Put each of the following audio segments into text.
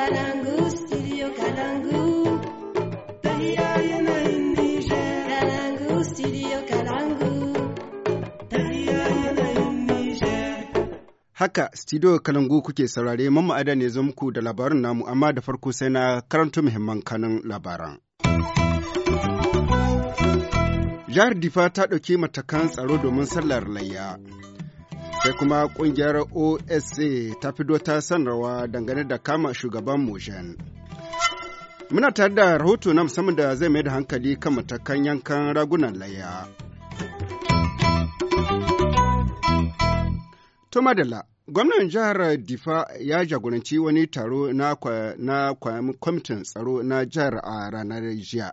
Kalangu, studio Kalangu. Kalangu, Haka studio Kalangu kuke saurare mamma ada ne zo muku da labarin namu amma da farko sai na karanto muhimman kanin labaran. Jihar Difa ta ɗauki matakan tsaro domin sallar layya. sai kuma kungiyar osa ta fido ta sanarwa dangane da kama shugaban mojan muna tare da rahoto na musamman da zai mai da hankali kan matakan yankan ragunan laya to madalla gwamnan jihar difa ya jagoranci wani taro na kwamitin tsaro na jihar a ranar jiya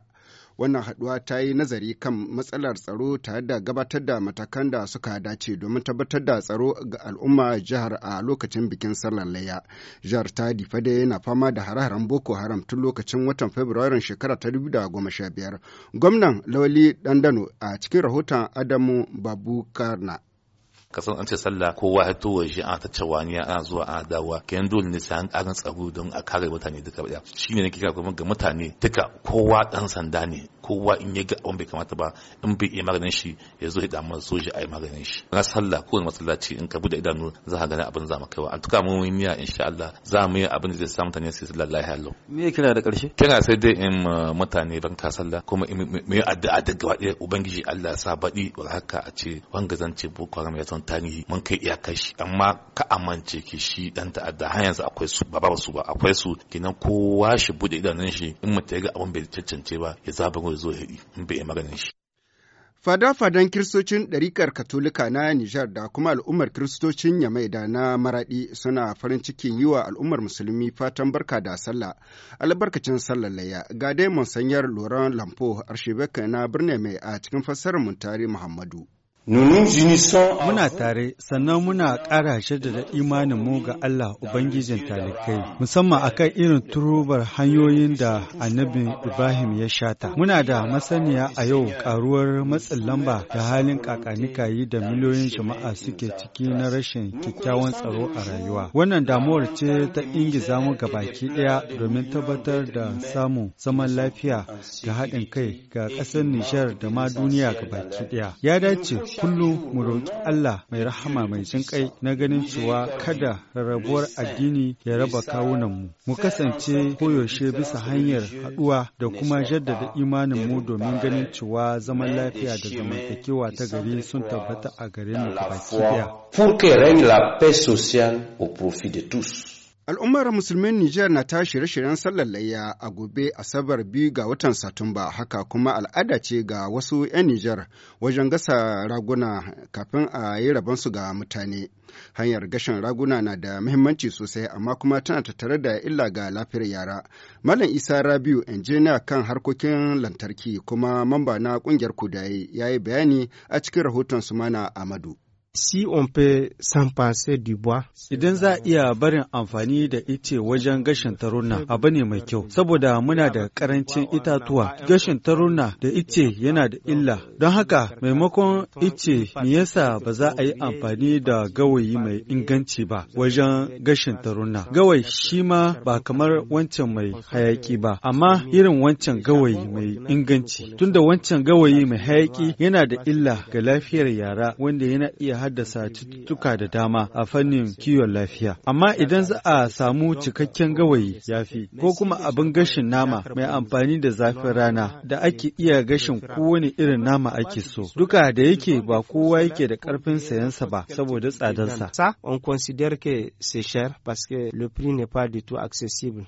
wannan haɗuwa ta yi nazari kan matsalar tsaro tare da gabatar da matakan da suka dace domin tabbatar da tsaro ga al'umma jihar a lokacin bikin sallar layya jihar ta difade yana fama da hare-haren boko haram tun lokacin watan fabrairun shekara ta biyar gwamnan lawali dandano a cikin rahoton adamu babu karna kasan an ce sallah kowa ya to shi a ta cawaniya ana zuwa ana dawa kenan dole ne sai an karin tsaro don a kare mutane duka daya shine nake kira kuma ga mutane duka kowa dan sanda ne kowa in ya ga wanda bai kamata ba in bai iya maganin shi ya zo ya damu shi a yi maganin shi na sallah kowane masallaci in ka bude idanu za ka gani abin za mu kaiwa an tuka mu miya insha Allah za mu yi abin da zai sa mutane su sallah lahi hallo me ya kira da karshe kira sai dai in uh, mutane ban ka sallah kuma mu yi addu'a daga wadai ubangiji Allah ya sa baɗi wal haka a ce wanga zance boko haram ya tani mun kai iyakar shi amma ka amince ki shi dan ta'adda har yanzu akwai su ba babu su ba akwai su kinan kowa shi bude idanun shi in mutum ya ga abin bai cancance ba ya zaba ya zo ya in bai maganin shi Fada-fadan kiristocin ɗarikar Katolika na Nijar da kuma al'ummar kiristocin da na Maraɗi suna farin cikin yi wa al'ummar musulmi fatan barka da sallah albarkacin sallar layya ga dai Monsanyar Laurent Lampo arshibeka na birnin mai a cikin fassarar Muntari Muhammadu. Muna tare sannan muna ƙara shaddada imanin mu ga Allah Ubangijin talikai musamman akan irin turubar hanyoyin da annabi Ibrahim ya shata. Muna da masaniya a yau ƙaruwar matsin lamba da halin kakanikayi da miliyoyin jama'a suke ciki na rashin kyakkyawan tsaro a rayuwa. Wannan damuwar ce ta ingi ingiza mu baki ɗaya domin tabbatar da samun zaman lafiya da haɗin kai ga ƙasar Nijar da ma duniya baki ɗaya. Ya dace kullum mu roƙi Allah mai rahama mai jinƙai na ganin cewa kada rarrabuwar addini ya raba kawunanmu. Mu kasance koyaushe bisa hanyar haɗuwa da kuma jaddada mu domin ganin cewa zaman lafiya da zamantakewa ta gari sun tabbata a gare mu baki daya. Pour que règne la paix sociale au profit de tous. Al'ummar musulmin Nijar na ta shirye-shiryen sallar layya a gobe Asabar biyu ga watan Satumba haka kuma al'ada ce ga wasu 'yan Nijar wajen gasa raguna kafin a yi rabonsu ga mutane. Hanyar gashin raguna na da muhimmanci sosai amma kuma tana tattare da illa ga lafiyar yara. Malam Isa Rabiu injiniya kan harkokin lantarki kuma mamba na kungiyar kudaye ya yi bayani a cikin rahoton Sumana Amadu. si on peut s'en passer du bois. Idan za a iya barin amfani da ice wajen gashin taruna abu ne mai kyau, saboda muna da karancin itatuwa. Gashin taruna da ice yana da illa, don haka maimakon ice me yasa ba za a yi amfani da gawayi mai inganci ba wajen gashin taruna. Gawayi shi ma ba kamar wancan mai hayaki ba, amma irin wancan gawayi mai inganci. Tunda wancan gawayi mai hayaki yana da illa ga lafiyar yara wanda yana iya haddasa cututtuka da dama a fannin kiwon lafiya. Amma idan za a samu cikakken gawayi fi ko kuma abin gashin nama mai amfani da zafin rana da ake iya gashin kowane irin nama ake so. Duka da yake ba kowa yake da ƙarfin sayansa ba saboda tsadarsa. on considère que c'est cher parce que le prix n'est pas du tout accessible.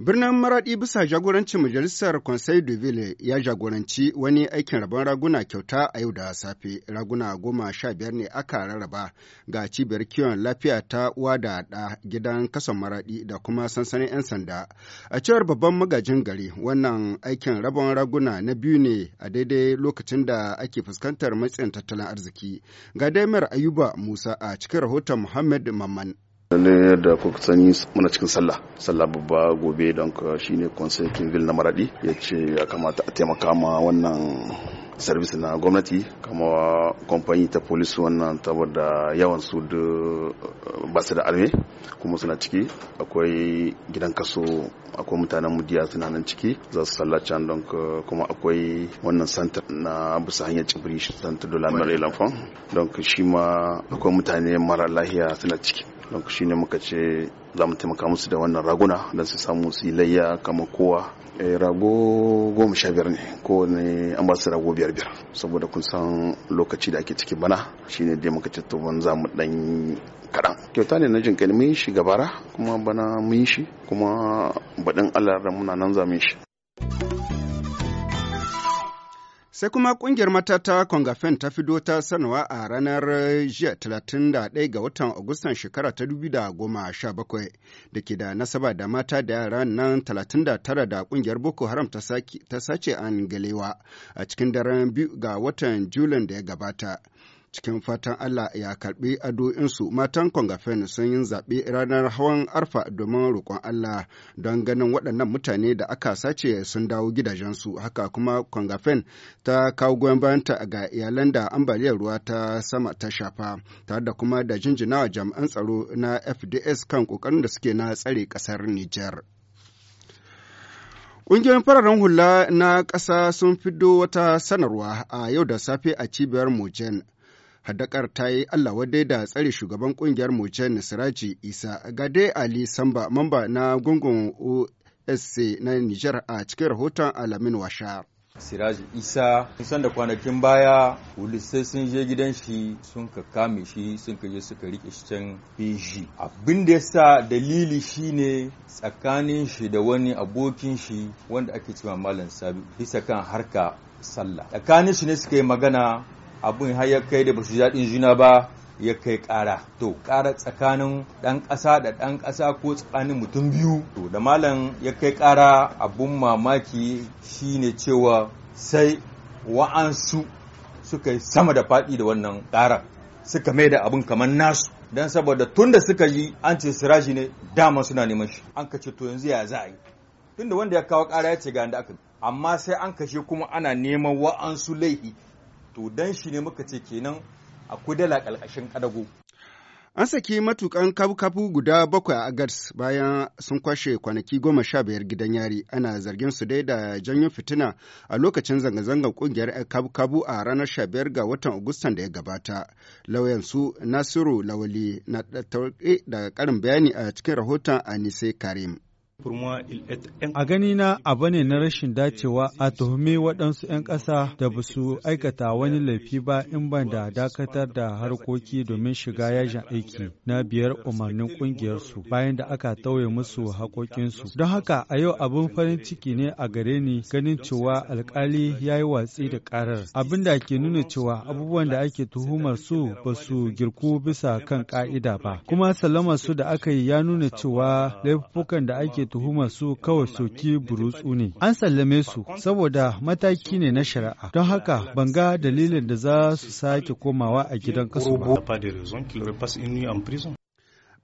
Birnin Maraɗi bisa jagorancin Majalisar Conseil de Ville ya jagoranci wani aikin rabon raguna kyauta a yau da safe. Raguna goma sha biyar ne aka rarraba ga cibiyar kiwon lafiya ta uwa da ɗa gidan kasan Maraɗi da kuma sansanin 'yan sanda. A cewar babban magajin gari wannan aikin rabon raguna na biyu ne a daidai lokacin da ake fuskantar matsin tattalin arziki. Ga Daimar Ayuba Musa a cikin rahoton Muhammad Mamman. ne da kuka sani muna cikin sallah sallah babba gobe don ka shine conseil vil na maradi ya ce ya kamata a taimaka ma wannan service na gwamnati kama kamfani ta polis wannan saboda yawan su da eh, ba su da arme kuma suna ciki akwai gidan kaso akwai mutanen mudiya suna nan ciki za su sallah can don kuma akwai wannan santar na bisa hanyar cibiri santar dola mara don shi ma akwai mutane mara lahiya suna ciki don shi ne muka ce za mu taimaka musu da wannan raguna don su samu su kama kowa eh, rago goma sha biyar ne ko ne an ba su rago biyar biyar saboda kun san lokaci da ake ciki bana shi ne dai muka ce to za mu dan kaɗan kyauta ne na jin mun yi shi gabara kuma bana mun yi shi kuma baɗin allah da muna nan za mu yi shi Sai kuma kungiyar matata Kongafen ta fido ta sanarwa a ranar eh, jiya 31 ga watan Agustan shekara ta 2017 da goma sha ke da nasaba da mata da yara nan 39 da kungiyar Boko Haram ta sace an galewa a cikin daren biyu ga watan Julin da ya gabata. cikin fatan Allah ya karbi addu'insu matan Kwangafen sun yi zaɓe ranar hawan arfa domin roƙon Allah don ganin waɗannan mutane da aka sace sun dawo gidajensu haka kuma Kwangafen ta kawo goyon bayanta ga iyalan da ambaliyar ruwa ta sama ta shafa tare da kuma da jinjinawa jami'an tsaro na FDS kan ƙoƙarin da suke na tsare ƙasar Nijar. Ƙungiyoyin fararen hula na ƙasa sun fido wata sanarwa a yau da safe a cibiyar Mojen Haddakar ta yi Allah wadai da tsare shugaban kungiyar Moce Nasiraci Isa Gade Ali Samba mamba na gungun OSC na Nijar a cikin rahoton Alamin washa Siraji Isa kusan da kwanakin baya sai sun je gidan shi sun ka kame shi sun ka je suka rike shi can Beji. Abin da yasa dalili ne tsakanin shi da wani abokin shi wanda ake cewa Malam Sabi bisa kan harka sallah. Tsakanin shi ne suka yi magana Abin har ya kai da basu daɗin juna ba ya kai ƙara to ƙara tsakanin ɗan ƙasa da ɗan ƙasa ko tsakanin mutum biyu to da malam ya kai ƙara abin mamaki shine cewa sai wa'ansu suka yi sama da faɗi da wannan ƙara suka mai da abin kamar nasu don saboda tun da suka yi an ce siraji ne dama suna neman shi an kace to yanzu ya za a yi da wanda ya kawo ƙara ya ce ga aka amma sai an kashe kuma ana neman wa'ansu laifi to dan shi ne muka ce kenan a kudala ƙarƙashin ƙadago An saki matukan kabu-kabu guda bakwai a Agats bayan sun kwashe kwanaki goma sha biyar gidan yari ana zargin su dai da janyo fitina a lokacin zanga-zangar kungiyar kabu-kabu a ranar sha biyar ga watan Agustan da ya gabata. lauyansu Nasiru Lawali na da karin bayani a cikin rahoton Anise Karim. A ganina, abu ne na rashin dacewa a tuhumi waɗansu 'yan ƙasa da ba su aikata wani laifi ba in ban da dakatar da harkoki domin shiga yajin aiki na biyar umarnin ƙungiyarsu bayan da aka tauye musu haƙoƙinsu. Don haka a yau abin farin ciki ne a gare ni ganin cewa alkali ya yi watsi da ƙarar. Abin da ke nuna cewa abubuwan da ake tuhumar su ba su girku bisa kan ƙa'ida ba. Kuma salama su da aka yi ya nuna cewa laifukan da ake tuhumar su kawai soki burutsu ne. An sallame su saboda mataki ne na shari'a. Don haka ban ga dalilin da za su sake komawa a gidan kaso ba.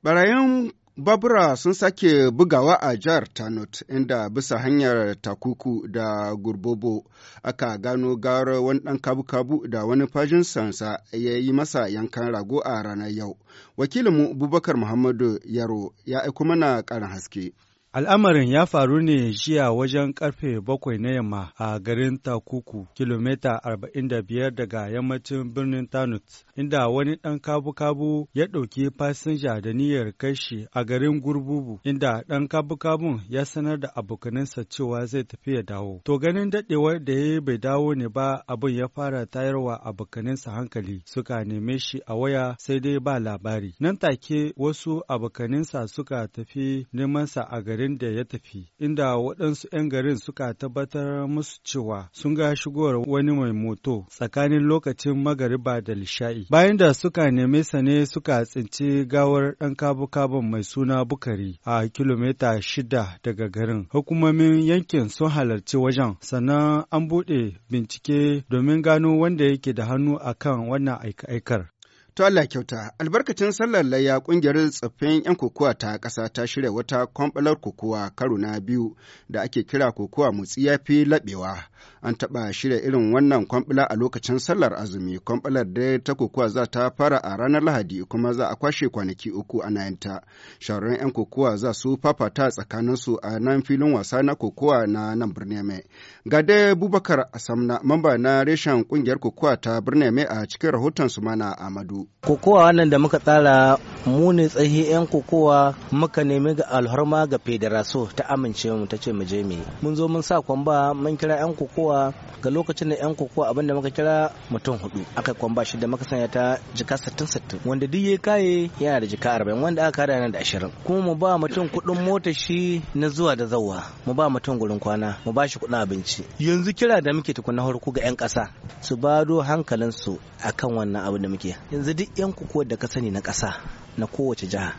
Barayin Babura sun sake bugawa a jihar Tanut inda bisa hanyar takuku da gurbobo aka gano gawar wani ɗan kabu-kabu da wani fajin sansa ya yi masa yankan rago a ranar yau. Wakilinmu Bubakar Muhammadu Yaro ya aiko mana ƙarin haske. Al'amarin ya faru ne jiya wajen karfe bakwai na yamma a garin Takuku, kilomita arba'in da 45 daga yammacin birnin Tanut, inda wani ɗan kabu-kabu ya ɗauki fasinja da niyyar kai shi a garin Gurbubu, inda ɗan kabu-kabun ya sanar da abokaninsa cewa zai tafi ya dawo. To ganin daɗewar da ya bai dawo ne ba abin ya fara tayarwa abokaninsa hankali suka neme shi a waya sai dai ba labari. Nan take wasu abokaninsa suka tafi neman sa a garin garin da ya tafi, inda waɗansu 'yan garin suka tabbatar musu cewa sun ga shigowar wani mai moto tsakanin lokacin magariba da lisha'i. Bayan da suka neme sa ne suka tsinci gawar ɗan kabu-kabon mai suna Bukari a kilomita shida daga garin. Hukumomin yankin sun halarci wajen, sannan an buɗe bincike domin gano wanda yake da hannu akan wannan aika-aikar. To Allah kyauta, albarkacin sallar layya ƙungiyar tsaffin 'yan kokowa ta ƙasa ta shirya wata kwamɓalar kokowa karo na biyu da ake kira kokowa motsi ya fi laɓewa. An taɓa shirya irin wannan kwamɓala a lokacin sallar azumi, kwamɓalar da ta kokowa za ta fara a ranar Lahadi kuma za a kwashe kwanaki uku a yanta. Shahararren 'yan kokowa za su fafata tsakaninsu a nan filin wasa na kokowa na nan birnin mai. Gade Bubakar Asamna, mamba na reshen ƙungiyar kokowa ta birnin mai a cikin rahoton su mana Amadu. kokowa wannan da muka tsara mu ne tsahi 'yan kokowa muka nemi ga Alhorma ga federaso ta amince mu ta ce mu je mu mun zo mun sa kwamba mun kira 'yan kokowa ga lokacin da 'yan kokowa abinda muka kira mutum hudu aka kwamba shi da muka sanya ta jika 60-60 wanda duk ya kaye yana da jika 40 wanda aka kada yana da 20 kuma mu ba mutum kudin mota shi na zuwa da zawa mu ba mutum gurin kwana mu ba shi kudin abinci yanzu kira da muke tukuna harko ga 'yan kasa su bado hankalinsu akan wannan abu da muke yanzu duk yan kukuwar da ka sani na ƙasa na kowace jiha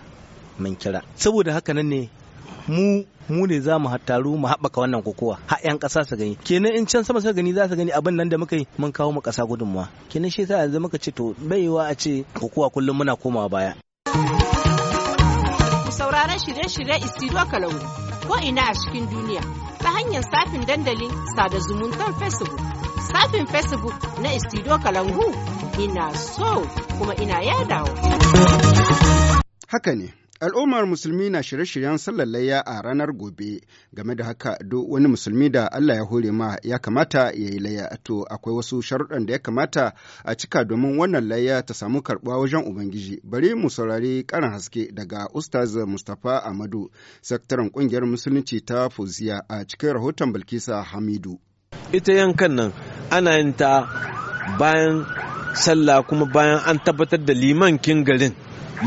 mun kira saboda haka nan ne mu mu ne za mu taru mu haɓaka wannan kokowa ha 'yan ƙasa su gani kenan in can sama su gani za su gani abin nan da muka yi mun kawo mu ƙasa gudunmuwa kenan shi yasa yanzu muka ce to baiwa a ce kokowa kullum muna komawa baya Ku sauraron shirye-shirye Isidro Kalangu ko ina a cikin duniya ta hanyar safin dandalin sada zumuntar Facebook shafin facebook na istido kalangu ina so kuma ina wa. haka ne Al'ummar musulmi na shirye-shiryen sallar layya a ranar gobe, game da haka duk wani musulmi da Allah ya hore ma ya kamata ya yi layya, to akwai wasu sharuɗan da ya kamata a cika domin wannan layya ta samu karɓuwa wajen Ubangiji. Bari mu saurari ƙaran haske daga Ustaz Mustapha Amadu, sakataren ƙungiyar Musulunci ta Fuziya a cikin rahoton Bilkisa Hamidu. ita yankan nan ana yin ta bayan sallah kuma bayan an tabbatar da liman kin garin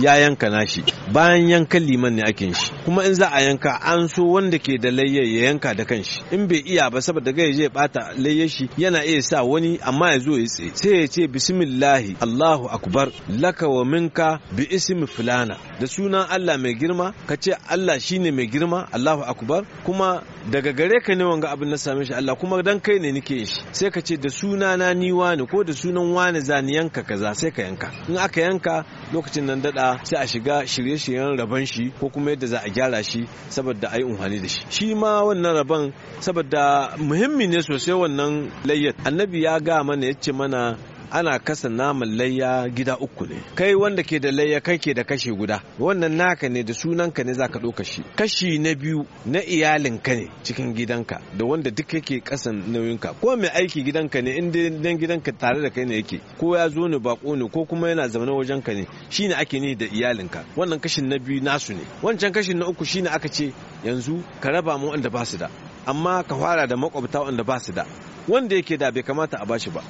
ya yanka nashi bayan yankan liman ne ake shi kuma in za a yanka an so wanda ke da layya ya yanka da kanshi in bai iya ba saboda ga zai bata layyar shi yana iya sa wani amma ya zo ya tsaye sai ya ce bismillahi Allahu akbar laka wa minka bi ismi fulana da sunan Allah mai girma ka ce Allah shine mai girma Allahu akbar kuma daga gare ka ne wanga abin na same shi Allah kuma dan kai ne nake shi sai ka ce da sunana ni wani ko da sunan wani zani yanka kaza sai ka yanka in aka yanka lokacin nan dada sai a shiga shirye-shiryen raban shi ko kuma yadda za a gyara shi saboda a yi da shi shi ma wannan rabon saboda muhimmi ne sosai wannan layyar annabi ya ga mana ya ce mana ana kasa naman layya gida uku ne kai wanda ke da layya kai ke da kashi guda wannan naka ne da sunanka ne zaka ɗauka shi kashi na biyu na iyalinka ne cikin gidanka da wanda duk yake kasan nauyinka ko mai aiki gidanka ne inda dan gidanka tare da kai ne yake ko ya zo ne bako ne ko kuma yana zaune wajen ka ne shine ake ne da iyalinka wannan kashin na biyu nasu ne wancan kashin na uku shine aka ce yanzu ka raba mu wanda ba su da amma ka fara da makwabta wanda ba su da wanda yake da bai kamata a bashi ba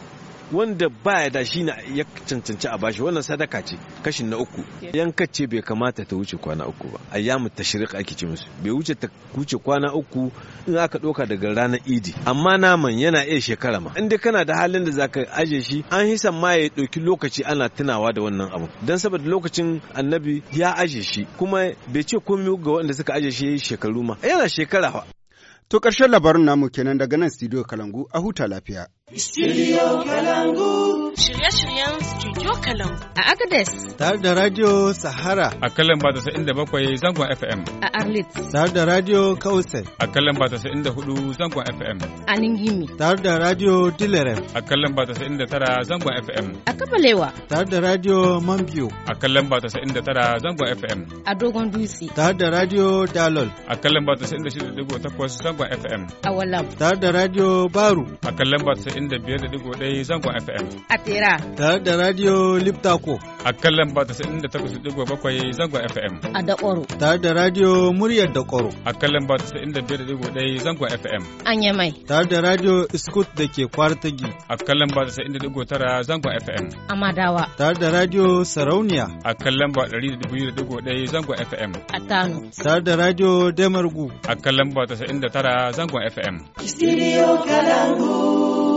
wanda baya da shi ya cancanci a bashi wannan sadaka ce kashin na uku yankacce bai kamata ta wuce kwana uku ba a ta shirka ake ce musu bai wuce ta wuce kwana uku in aka ɗauka daga ranar idi amma naman yana iya shekara ma inda kana da halin da zaka aje shi an hisan ma ya ɗauki lokaci ana tunawa da wannan abu don saboda lokacin annabi ya aje shi kuma bai ce komai ga wanda suka aje shi shekaru ma yana shekara To ƙarshen labarin namu kenan daga nan studio Kalangu a huta lafiya. Studio Kalangu. shirye-shiryen Studio kalam A Agadez. Tare da Radio Sahara. A kalan ba da bakwai zangon FM. A Arlit. Tare da Radio Kausai. A kalan ba da hudu zangon FM. A Ningimi. Tare da Radio Dilerem. A kalan ba da tara zangon FM. A Kabalewa. Tare da Radio mambio A kalan ba da tara zangon FM. A Dogon Dutse. Tare da Radio Dalol. A kalan ba da takwas zangon FM. A Walam. Tare da Radio Baru. A kalan ba da biyar da zangon FM. A Tera. Tare da Radio Liptako. A kan lamba bakwai zangon FM. A Dakoro. Tare da Radio Muryar Dakoro. A kan lamba 95.1 zangon FM. Anya mai. Tare da Radio Iskut da ke Kwartagi. A kan lamba tara zangon FM. A Madawa. Tare da Radio Sarauniya. A kan lamba 102.1 zangon FM. A Tano. Tare da Radio Demargu. A kan lamba tara zangon FM. Studio Kalangu.